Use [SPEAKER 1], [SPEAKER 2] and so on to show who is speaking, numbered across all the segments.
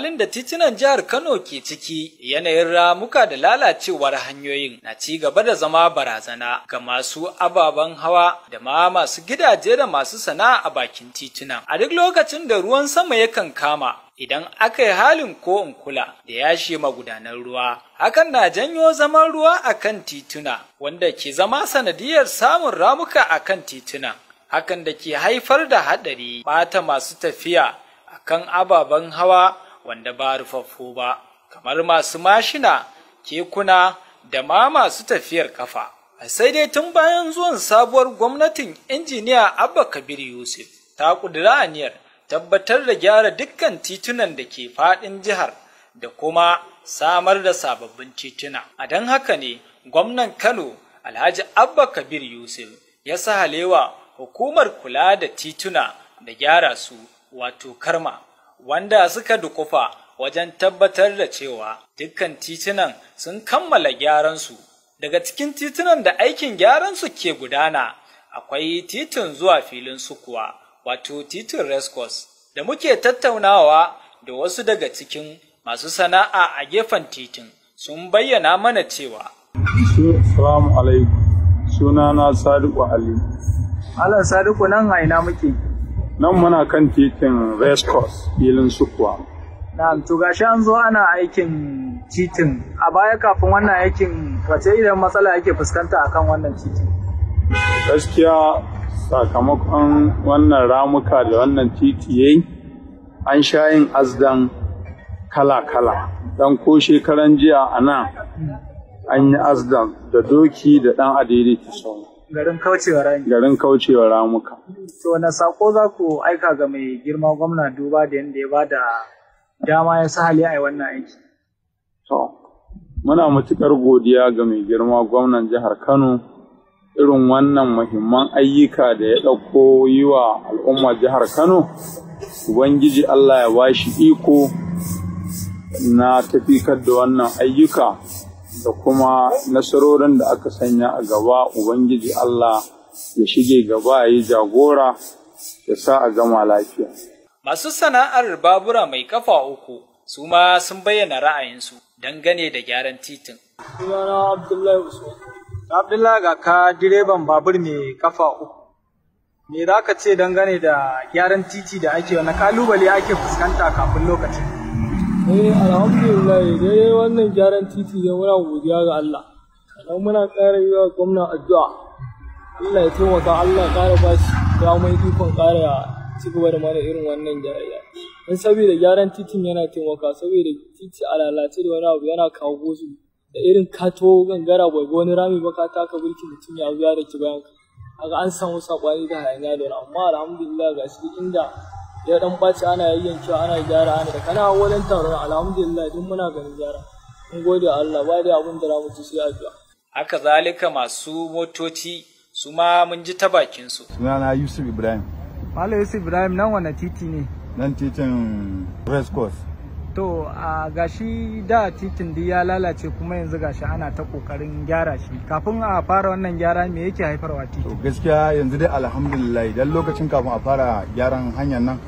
[SPEAKER 1] halin da titunan jihar Kano ke ciki yanayin ramuka da lalacewar hanyoyin na ci gaba da zama barazana ga masu ababen hawa da ma masu gidaje da masu sana'a a bakin titunan. A duk lokacin da ruwan sama yakan kama idan aka yi halin ko in kula da yashe magudanar ruwa hakan na janyo zaman ruwa a kan tituna wanda ke zama sanadiyar samun ramuka a kan tituna hakan da ke haifar da haɗari mata masu tafiya a kan ababen hawa wanda ba rufaffu ba kamar masu mashina kekuna da ma masu tafiyar kafa sai dai tun bayan zuwan sabuwar gwamnatin injiniya abba kabir yusuf ta ƙudura aniyar tabbatar da gyara dukkan titunan da ke faɗin jihar da kuma samar da sababbin tituna a don haka ne gwamnan kano alhaji abba kabir yusuf ya sahalewa hukumar kula da tituna da gyara su wato karma wanda suka dukufa wajen tabbatar da cewa dukkan titunan sun kammala gyaran su Daga cikin titunan da aikin gyaran su ke gudana, akwai titin zuwa filin sukuwa, wato titin Rescos, da muke tattaunawa da wasu daga cikin masu sana'a a gefen titin sun bayyana mana cewa.
[SPEAKER 2] Salamu alaikum, sunana Sadiku Ali. Allah Sadiku nan a muke. nan muna kan titin race course filin sukuwa
[SPEAKER 1] na'am to gashi an zo ana aikin titin a baya kafin wannan aikin wace idan matsala yake fuskanta akan wannan titin gaskiya sakamakon
[SPEAKER 2] wannan ramuka da wannan titi yayi an sha yin azdan kala-kala dan ko shekaran jiya a nan an yi azdan da doki da ɗan adiri ta sauna
[SPEAKER 1] garin kaucewa
[SPEAKER 2] rami ramuka
[SPEAKER 1] to na sako za ku aika ga mai girma gwamna duba da yadda ya ba da dama ya sa hali a yi wannan aiki
[SPEAKER 2] to muna matuƙar godiya ga mai girma gwamnan jihar kano irin wannan muhimman ayyuka da ya ɗauko yi wa al'ummar jihar kano ubangiji allah ya bashi iko na tafikar da wannan ayyuka da kuma nasarorin da aka sanya a gaba Ubangiji Allah ya shige gaba ya yi jagora ya sa a gama lafiya.
[SPEAKER 1] Masu sana'ar babura mai kafa uku su ma sun bayyana ra'ayinsu dangane da gyaran titin. Abdullahi Usman. Abdullahi ga ka direban babur mai kafa uku. Me za ka ce dangane da gyaran titi da ake wani kalubale ake fuskanta kafin lokacin? eh alhamdulillah dai wannan gyaran titi da muna godiya ga Allah sannan muna ƙara yi wa gwamna addu'a Allah ya taimaka Allah ya ƙara ba shi damar ikon ƙara ci gaba da mana irin wannan gyara don saboda gyaran titin yana taimaka saboda titi a lalace da wani abu yana kawo gosu da irin kato gangara bai ga wani rami ba ka taka birki mutum ya zo ya da ki bayan ka an samu saɓani da hayaniya da amma alhamdulillah ga shi inda ya dan bace ana yayyancewa ana gyara ana da kana wajen taron alhamdulillah duk muna ganin gyara mun gode Allah ba dai abin da za mu ci sai addu'a haka zalika masu motoci su ma mun ji ta bakin su
[SPEAKER 2] sunana Yusuf Ibrahim Malam Yusuf Ibrahim nan wannan titi ne nan titin Race Course
[SPEAKER 1] to a gashi da titin dai ya lalace kuma yanzu gashi ana ta kokarin gyara shi kafin a fara wannan gyara me yake haifarwa titi to
[SPEAKER 2] gaskiya yanzu dai alhamdulillah dan lokacin kafin a fara gyaran hanyar nan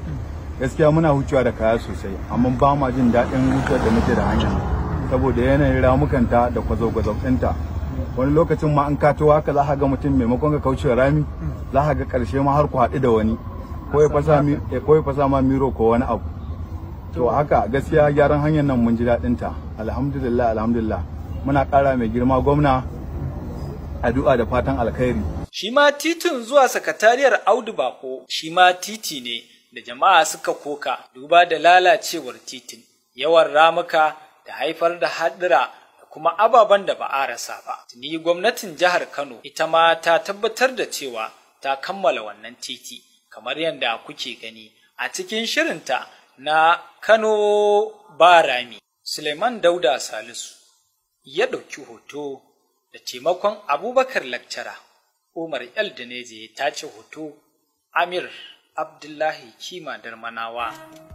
[SPEAKER 2] gaskiya muna hucewa da kaya sosai amma ba ma jin daɗin hucewa da muke da hanyar saboda yanayin ramukanta da kwazo-kwazo ɗinta wani lokacin ma an kato haka za ga mutum maimakon ka kauce rami za ga ƙarshe ma har ku haɗu da wani ko ya fasa ma miro ko wani abu to haka gaskiya gyaran hanyar nan mun ji daɗin ta alhamdulillah alhamdulillah muna ƙara mai girma gwamna
[SPEAKER 1] addu'a da fatan alkhairi shi ma titin zuwa sakatariyar audu bako shi ma titi ne da jama'a suka koka duba da lalacewar titin yawan ramuka da haifar da haɗura da kuma ababen da ba a rasa ba tuni gwamnatin jihar kano ita ma ta tabbatar da cewa ta kammala wannan titi kamar yadda kuke gani a cikin shirinta na Kano Barami, Suleiman Dauda Salisu, ya ɗauki hoto da taimakon Abubakar Lakcara, Umar Eldeneze ya tace hoto Amir Abdullahi Kima Darmanawa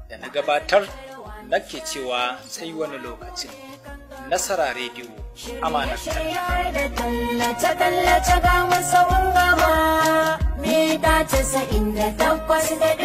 [SPEAKER 1] da na gabatar nake cewa sai wani lokacin. Nasara Rediyo, amanar ta.